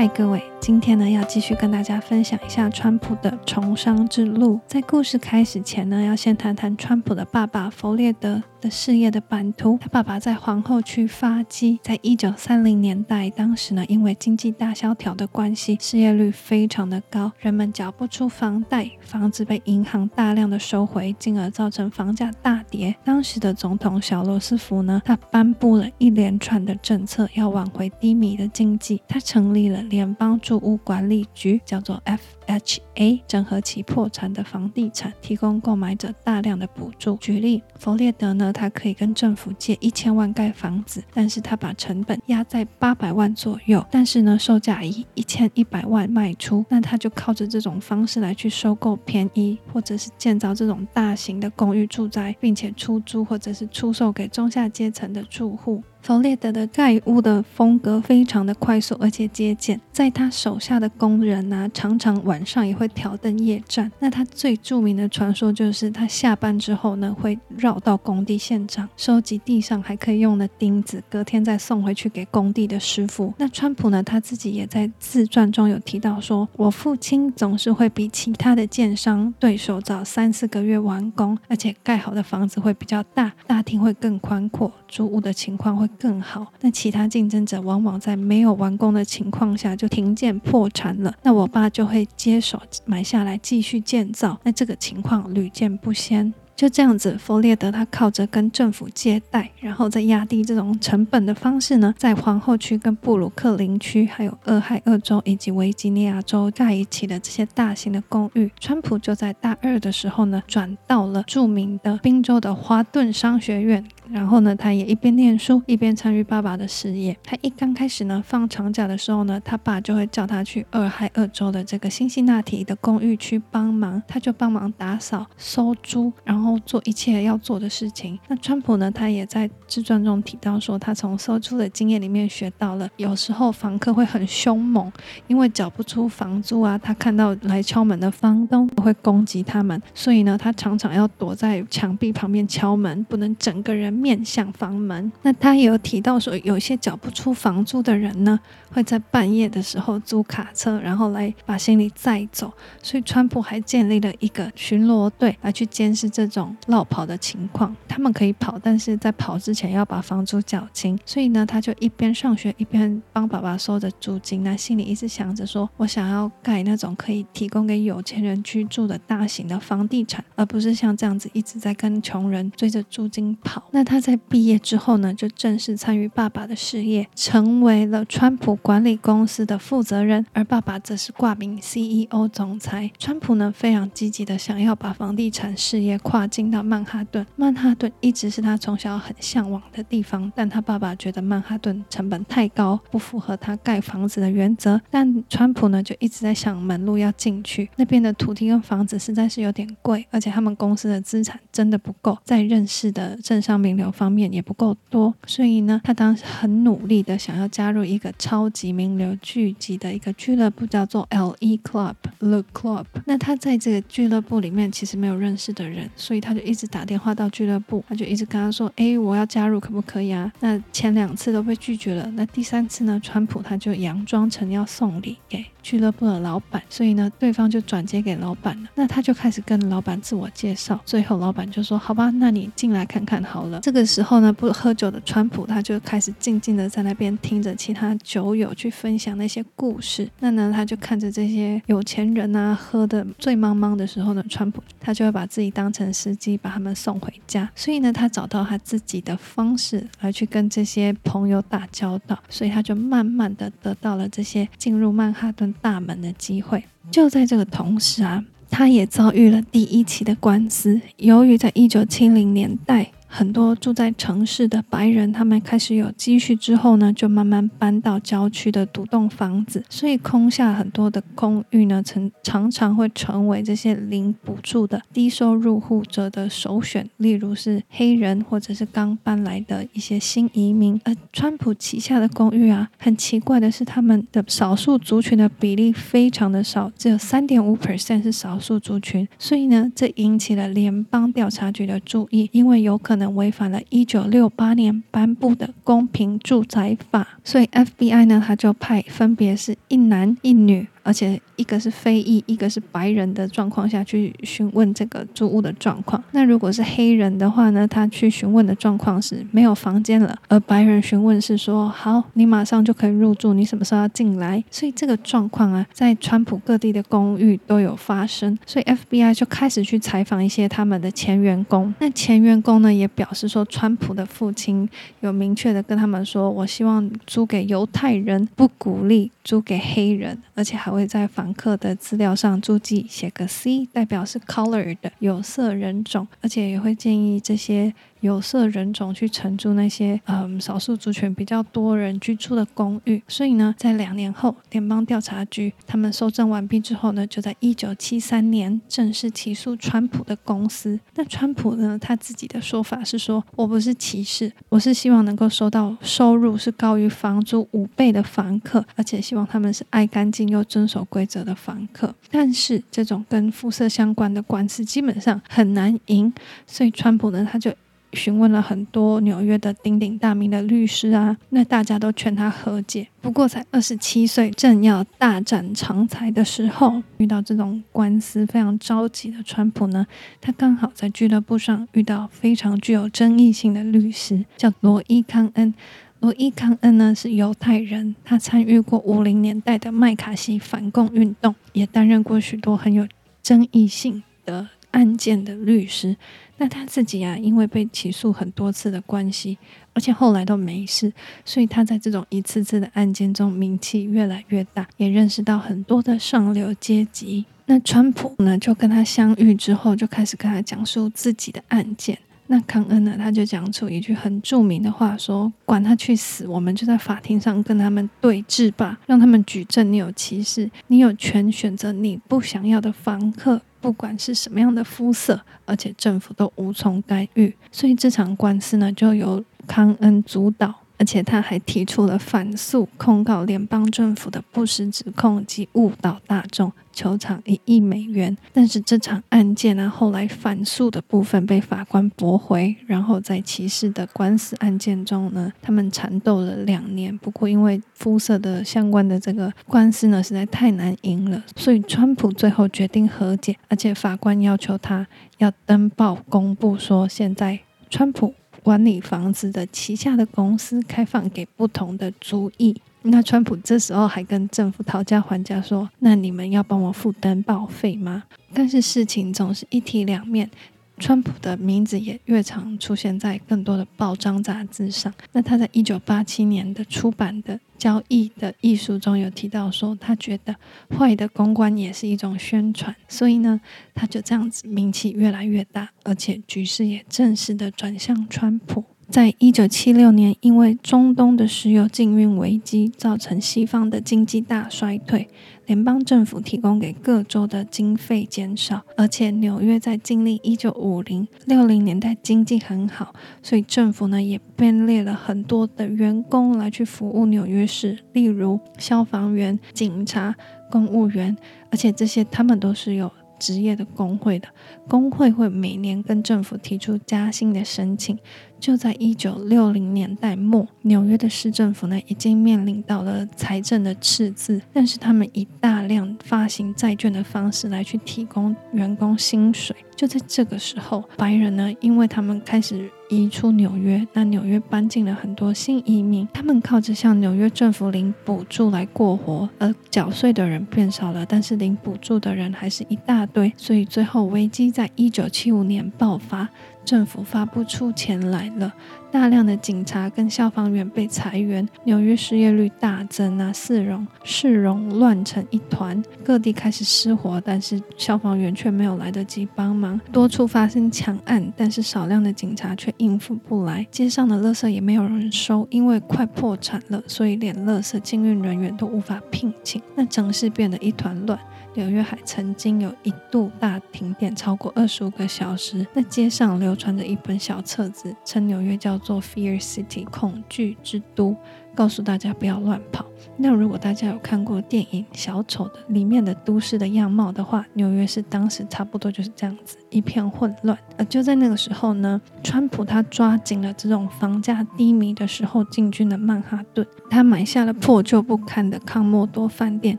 嗨，各位，今天呢要繼續跟大家分享一下川普的從商之路。在故事開始前呢，要先談談川普的爸爸弗列德。的事業的版圖，他爸爸在皇後區發跡。在一九三零年代，當時呢，因為經濟大蕭條的關係，失業率非常的高，人們繳不出房貸，房子被銀行大量的收回，進而造成房價大跌。當時的總統小羅斯福呢，他頒布了一連串的政策，要挽回低迷的經濟。他成立了聯邦住屋管理局，叫做 FHA，整合其破產的房地產，提供購買者大量的補助。舉例，弗列德呢。他可以跟政府借一千萬蓋房子，但是他把成本壓在八百萬左右，但是呢，售價以一千一百萬賣出，那他就靠着這種方式來去收購便宜或者是建造這種大型的公寓住宅，並且出租或者是出售給中下階層的住戶。佛列德的蓋屋的風格非常的快速，而且節儉。在他手下的工人呢、啊，常常晚上也會挑燈夜戰。那他最著名的傳說就是，他下班之後呢，會繞到工地現場收集地上還可以用的釘子，隔天再送回去給工地的師傅。那川普呢，他自己也在自傳中有提到說，說我父親總是會比其他的建商對手早三四個月完工，而且蓋好的房子會比較大，大廳會更寬闊，住屋的情況會。更好，那其他競爭者往往在沒有完工的情況下就停建破產了，那我爸就會接手買下來繼續建造，那這個情況屢見不鮮。就這樣子，弗列德他靠着跟政府借貸，然後再壓低這種成本的方式呢，在皇後區、跟布魯克林區，還有俄亥俄州以及維吉尼亞州蓋起了的這些大型的公寓，川普就在大二的時候呢，轉到了著名的賓州的華頓商學院。然後呢，他也一邊念書，一邊參與爸爸的事業。他一剛開始呢，放長假的時候呢，他爸就會叫他去俄亥俄州的這個辛辛那提的公寓去幫忙。他就幫忙打掃、收租，然後做一切要做的事情。那川普呢，他也在自傳中提到說，他從收租的經驗裡面學到了，有時候房客會很凶猛，因為繳不出房租啊，他看到來敲門的房東會攻擊他們，所以呢，他常常要躲在牆壁旁邊敲門，不能整個人，面向房門，那他也有提到說，有些繳不出房租的人呢，會在半夜的時候租卡車，然後來把行李載走。所以川普還建立了一個巡邏隊來去監視這種落跑的情況。他們可以跑，但是在跑之前要把房租繳清。所以呢，他就一邊上學，一邊幫爸爸收着租金。那心裡一直想着說，我想要蓋那種可以提供給有錢人居住的大型的房地產，而不是像這樣子一直在跟窮人追着租金跑。那他在畢業之後呢，就正式參與爸爸的事業，成為了川普管理公司的負責人，而爸爸則是掛名 CEO 總裁。川普呢，非常積極的想要把房地產事業跨進到曼哈頓，曼哈頓一直是他從小很向往的地方，但他爸爸覺得曼哈頓成本太高，不符合他蓋房子的原則。但川普呢，就一直在想門路要進去，那邊的土地跟房子實在是有點貴，而且他們公司的資產真的不夠，在認識的鎮上面。流方面也不夠多，所以呢，他當時很努力的想要加入一個超級名流聚集的一個俱樂部，叫做 Le Club，Le Club。那他在這個俱樂部裡面其實沒有認識的人，所以他就一直打電話到俱樂部，他就一直跟他說，哎、欸，我要加入，可不可以啊？那前兩次都被拒絕了，那第三次呢，川普他就佯裝成要送禮給俱樂部的老闆，所以呢，對方就轉接給老闆了。那他就開始跟老闆自我介紹，最後老闆就說，好吧，那你進來看看好了。這個時候呢，不喝酒的川普他就開始靜靜的在那邊聽着其他酒友去分享那些故事。那呢，他就看着這些有錢人啊喝得醉茫茫的時候呢，川普他就會把自己當成司機，把他們送回家。所以呢，他找到他自己的方式來去跟這些朋友打交道。所以他就慢慢地得到了這些進入曼哈頓大門的機會。就在這個同時啊，他也遭遇了第一起的官司。由於在一九七零年代，很多住在城市的白人，他們開始有積蓄之後呢，就慢慢搬到郊區的獨棟房子，所以空下很多的公寓呢，成常常會成為這些領補助的低收入戶者的首選，例如是黑人或者是剛搬來的一些新移民。而川普旗下的公寓啊，很奇怪的是，他們的少數族群的比例非常的少，只有三點五 percent 是少數族群，所以呢，這引起了聯邦調查局的注意，因為有可能。違反了1968年頒布的公平住宅法，所以 FBI 呢，他就派分別是一男一女，而且，一個是非裔，一個是白人的狀況下去詢問這個租屋的狀況。那如果是黑人的話呢，他去詢問的狀況是沒有房間了，而白人詢問是說：“好，你馬上就可以入住，你什麼時候要進來？”所以這個狀況啊，在川普各地的公寓都有發生，所以 FBI 就開始去採訪一些他們的前員工。那前員工呢也表示說，川普的父親有明確的跟他們說：“我希望租給猶太人，不鼓勵租給黑人，而且還會在房。”課的資料上注記寫個 C，代表是 colored，有色人種，而且也會建議這些，有色人種去承租那些，嗯，少數族群比較多人居住的公寓，所以呢，在兩年後，聯邦調查局他們搜證完畢之後呢，就在一九七三年正式起訴川普的公司。那川普呢，他自己的說法是說：“我不是歧視，我是希望能夠收到收入是高於房租五倍的房客，而且希望他們是愛乾淨又遵守規則的房客。”但是這種跟膚色相關的官司基本上很難贏，所以川普呢，他就……詢問了很多紐約的鼎鼎大名的律師啊，那大家都勸他和解。不過才二十七歲，正要大展長才的時候，遇到這種官司非常着急的川普呢，他剛好在俱樂部上遇到非常具有爭議性的律師，叫羅伊·康恩。羅伊·康恩呢是猶太人，他參與過五零年代的麥卡錫反共運動，也擔任過許多很有爭議性的案件的律師。那他自己啊，因為被起訴很多次的關係，而且後來都沒事，所以他在這種一次次的案件中名氣越來越大，也認識到很多的上流階級。那川普呢，就跟他相遇之後，就開始跟他講述自己的案件。那康恩呢，他就講出一句很著名的話，說：“管他去死，我們就在法庭上跟他們對峙吧，讓他們舉證你有歧視，你有權選擇你不想要的房客。”不管是什麼樣的膚色，而且政府都無從干預，所以這場官司呢，就由康恩主導。而且他還提出了反訴，控告聯邦政府的不實指控及誤導大眾，求償一億美元。但是這場案件呢，後來反訴的部分被法官駁回。然後在歧視的官司案件中呢，他們纏鬥了兩年。不過因為膚色的相關的這個官司呢，實在太難贏了，所以川普最後決定和解。而且法官要求他要登報公布說，現在川普。管理房子的旗下的公司開放給不同的族裔，那川普這時候還跟政府討價還價說：“那你們要幫我負擔報費嗎？”但是事情總是一體兩面。川普的名字也越常出現在更多的報章雜誌上。那他在一九八七年的出版的《交易的藝術》中有提到說，他覺得壞的公關也是一種宣傳，所以呢，他就這樣子名氣越來越大，而且局勢也正式地轉向川普。在一九七六年，因為中東的石油禁運危機，造成西方的經濟大衰退，聯邦政府提供給各州的經費減少，而且紐約在經歷一九五零、六零年代經濟很好，所以政府呢也編列了很多的員工來去服務紐約市，例如消防員、警察、公務員，而且這些他們都是有職業的工會的，工會會每年跟政府提出加薪的申請。就在一九六零年代末，紐約的市政府呢已經面臨到了財政的赤字，但是他們以大量發行債券的方式來去提供員工薪水。就在這個時候，白人呢，因為他們開始移出紐約，那紐約搬進了很多新移民，他們靠着向紐約政府領補助來過活，而、呃、繳稅的人變少了，但是領補助的人還是一大堆，所以最後危機在一九七五年爆發。政府發不出錢來了，大量的警察跟消防員被裁員，紐約失業率大增啊，市容市容亂成一團，各地開始失火，但是消防員卻沒有來得及幫忙，多處發生搶案，但是少量的警察卻應付不來，街上的垃圾也沒有人收，因為快破產了，所以連垃圾清運人員都無法聘請，那城市變得一團亂。紐約還曾經有一度大停電超過二十五個小時。那街上流傳着一本小冊子，稱紐約叫做 Fear City，恐懼之都。告訴大家不要亂跑。那如果大家有看過電影《小丑》的裡面的都市的樣貌的話，紐約市當時差不多就是這樣子一片混亂。呃，就在那個時候呢，川普他抓緊了這種房價低迷的時候進軍的曼哈頓，他買下了破舊不堪的康莫多飯店，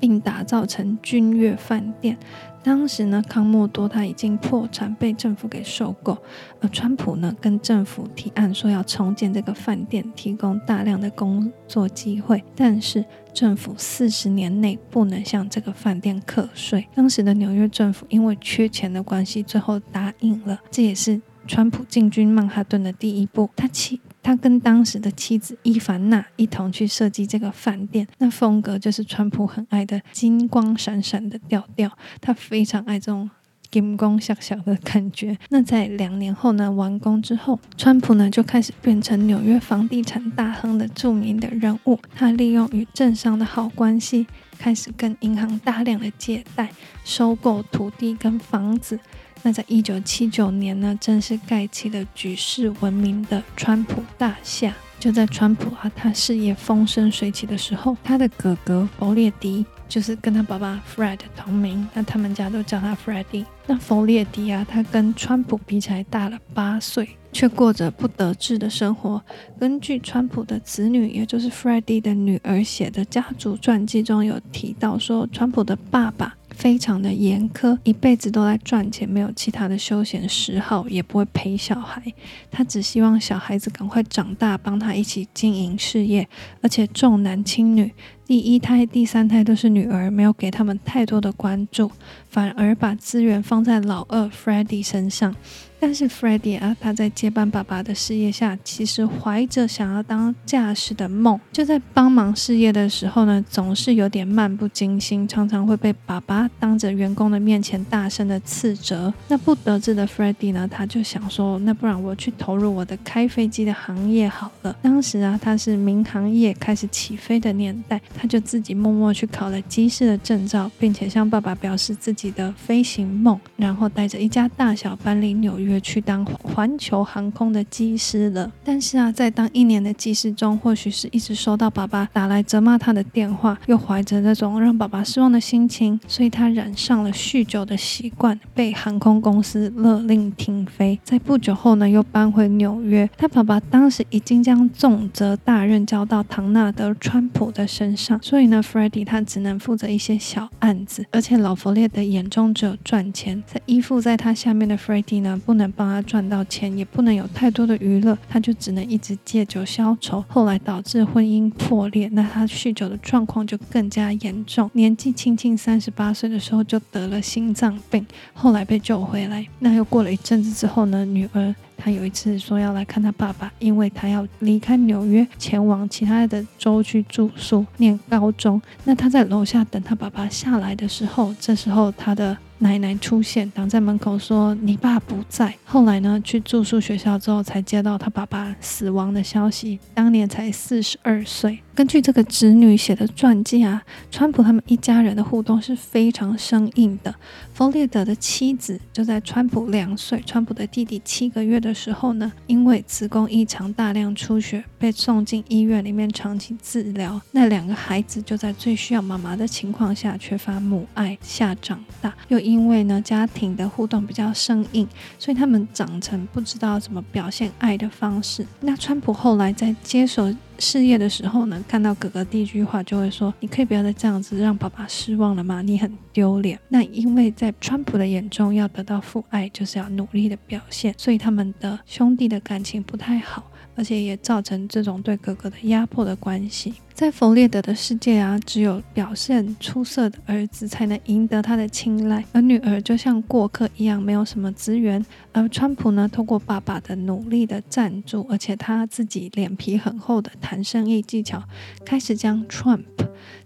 並打造成君悅飯店。當時呢，康莫多他已經破產，被政府給收購。而川普呢跟政府提案說要重建這個飯店，提供大量的工作機會。但是政府四十年內不能向這個飯店課稅。當時的紐約政府因為缺錢的關係，最後答應了。這也是川普進軍曼哈頓的第一步。他起。他跟當時的妻子伊凡娜一同去設計這個飯店，那風格就是川普很愛的金光閃閃的調調。他非常愛這種金光閃閃的感覺。那在兩年後呢，完工之後，川普呢就開始變成紐約房地產大亨的著名的人物。他利用與政商的好關係，開始跟銀行大量的借貸，收購土地跟房子。那在1979年呢，正式蓋起了舉世聞名的川普大廈。就在川普啊，他事業風生水起的時候，他的哥哥弗列迪，就是跟他爸爸 Fred 同名，那他們家都叫他弗雷迪。那弗列迪啊，他跟川普比起來大了八歲，卻過着不得志的生活。根據川普的子女，也就是弗雷迪的女兒寫的家族傳記中有提到說，川普的爸爸。非常的嚴苛，一輩子都在賺錢，沒有其他的休閒嗜好，也不會陪小孩。他只希望小孩子趕快長大，幫他一起經營事業。而且重男輕女，第一胎、第三胎都是女兒，沒有給他們太多的關注，反而把資源放在老二 Freddy 身上。但是 Freddie 啊，他在接班爸爸的事業下，其實懷着想要當駕駛的夢，就在幫忙事業的時候呢，總是有點漫不經心，常常會被爸爸當着員工的面前大聲的斥責。那不得志的 Freddie 呢，他就想說，那不然我去投入我的開飛機的行業好了。當時啊，他是民航業開始起飛的年代，他就自己默默去考了機師的證照，並且向爸爸表示自己的飛行夢，然後帶着一家大小搬離紐約。約去當環球航空的機師了，但是啊，在當一年的機師中，或許是一直收到爸爸打來責罵他的電話，又懷着那種讓爸爸失望的心情，所以他染上了酗酒的習慣，被航空公司勒令停飛。在不久後呢，又搬回紐約。他爸爸當時已經將重責大任交到唐納德·川普的身上，所以呢，Freddy 他只能負責一些小案子，而且老佛烈的眼中只有賺錢，在依附在他下面的 Freddy 呢不。不能幫他賺到錢，也不能有太多的娛樂，他就只能一直借酒消愁。後來導致婚姻破裂，那他酗酒的狀況就更加嚴重。年紀輕輕三十八歲的時候就得了心臟病，後來被救回來。那又過了一陣子之後呢，女兒她有一次說要來看她爸爸，因為她要離開紐約前往其他的州去住宿念高中。那她在樓下等她爸爸下來的時候，這時候她的。奶奶出現，擋在門口說：“你爸不在。”後來呢，去住宿學校之後，才接到他爸爸死亡的消息。當年才四十二歲。根據這個侄女寫的傳記啊，川普他們一家人的互動是非常生硬的。弗列德的妻子就在川普兩歲，川普的弟弟七個月的時候呢，因為子宮異常大量出血，被送進醫院裡面長期治療。那兩個孩子就在最需要媽媽的情況下，缺乏母愛下長大，又。因為呢，家庭的互動比較生硬，所以他們長成不知道怎麼表現愛的方式。那川普後來在接手事業的時候呢，看到哥哥第一句話就會說：“你可以不要再這樣子讓爸爸失望了嗎？你很丟臉。”那因為在川普的眼中，要得到父愛就是要努力的表現，所以他們的兄弟的感情不太好。而且也造成這種對哥哥的壓迫的關係，在弗列德的世界啊，只有表現出色的兒子才能贏得他的青睞，而女兒就像過客一樣，沒有什麼資源。而川普呢，通過爸爸的努力的贊助，而且他自己臉皮很厚的談生意技巧，開始將 Trump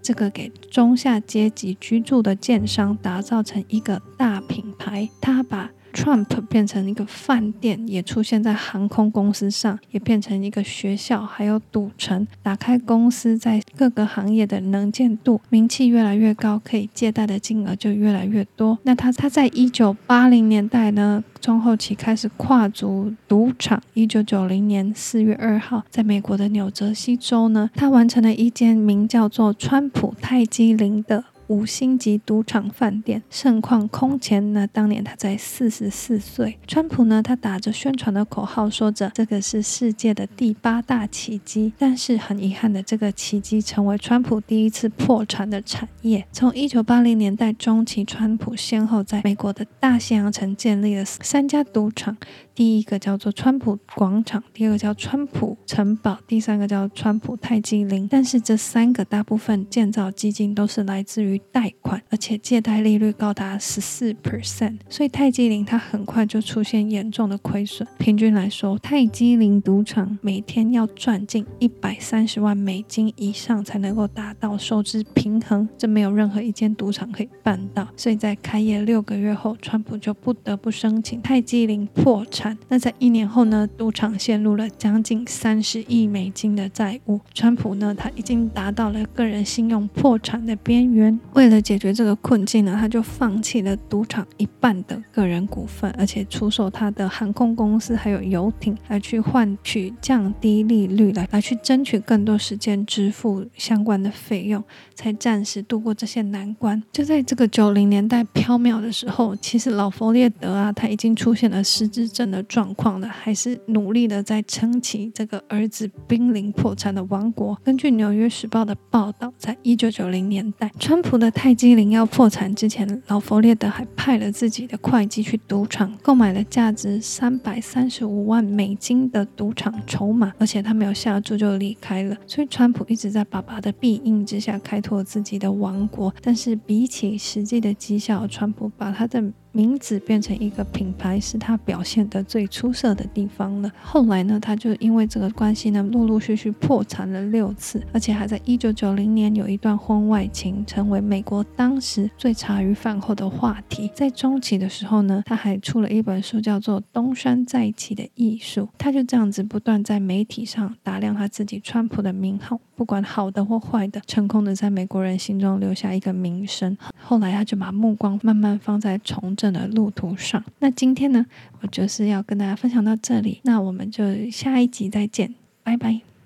這個給中下階級居住的建商打造成一個大品牌。他把 Trump 變成一個飯店，也出現在航空公司上，也變成一個學校，還有賭城，打開公司在各個行業的能見度，名氣越來越高，可以借貸的金額就越來越多。那他他在一九八零年代呢，中後期開始跨足賭場。一九九零年四月二號，在美國的紐澤西州呢，他完成了一間名叫做“川普泰姬陵”的。五星級賭場飯店，盛況空前呢。那當年他才四十四歲。川普呢，他打着宣傳的口號，說着這個是世界的第八大奇跡。但是很遺憾的，這個奇跡成為川普第一次破產的產業。從一九八零年代中期，川普先後在美國的大西洋城建立了三家賭場。第一個叫做川普廣場，第二個叫川普城堡，第三個叫川普泰姬陵。但是這三個大部分建造基金都是來自於貸款，而且借貸利率高達十四 percent，所以泰姬陵它很快就出現嚴重的虧損。平均來說，泰姬陵賭場每天要賺近一百三十萬美金以上才能夠達到收支平衡，這沒有任何一間賭場可以辦到。所以在開業六個月後，川普就不得不申請泰姬陵破產。那在一年後呢，賭場陷入了將近三十億美金的債務。川普呢，他已經達到了個人信用破產的邊緣。為了解決這個困境呢，他就放棄了賭場一半的個人股份，而且出售他的航空公司還有遊艇，來去換取降低利率來，來來去爭取更多時間支付相關的費用，才暫時度過這些難關。就在這個九零年代飄渺的時候，其實老佛列德啊，他已經出現了失智症的狀況呢，還是努力的在撐起這個兒子瀕臨破產的王國。根據《紐約時報》的報道，在一九九零年代，川普的泰姬陵要破產之前，老佛列德還派了自己的會計去賭場購買了價值三百三十五萬美金的賭場籌碼，而且他沒有下注就離開了。所以，川普一直在爸爸的庇蔭之下開拓自己的王國，但是比起實際的績效，川普把他的。名字變成一個品牌，是他表現得最出色的地方了。後來呢，他就因為這個關係呢，陸陸續續破產了六次，而且還在一九九零年有一段婚外情，成為美國當時最茶餘飯後的話題。在中期的時候呢，他還出了一本書，叫做《東山再起的藝術》。他就這樣子不斷在媒體上打量他自己川普的名號，不管好的或壞的，成功地在美國人心中留下一個名聲。後來他就把目光慢慢放在重。的路途上，那今天呢，我就是要跟大家分享到這裡，那我們就下一集再見，拜拜。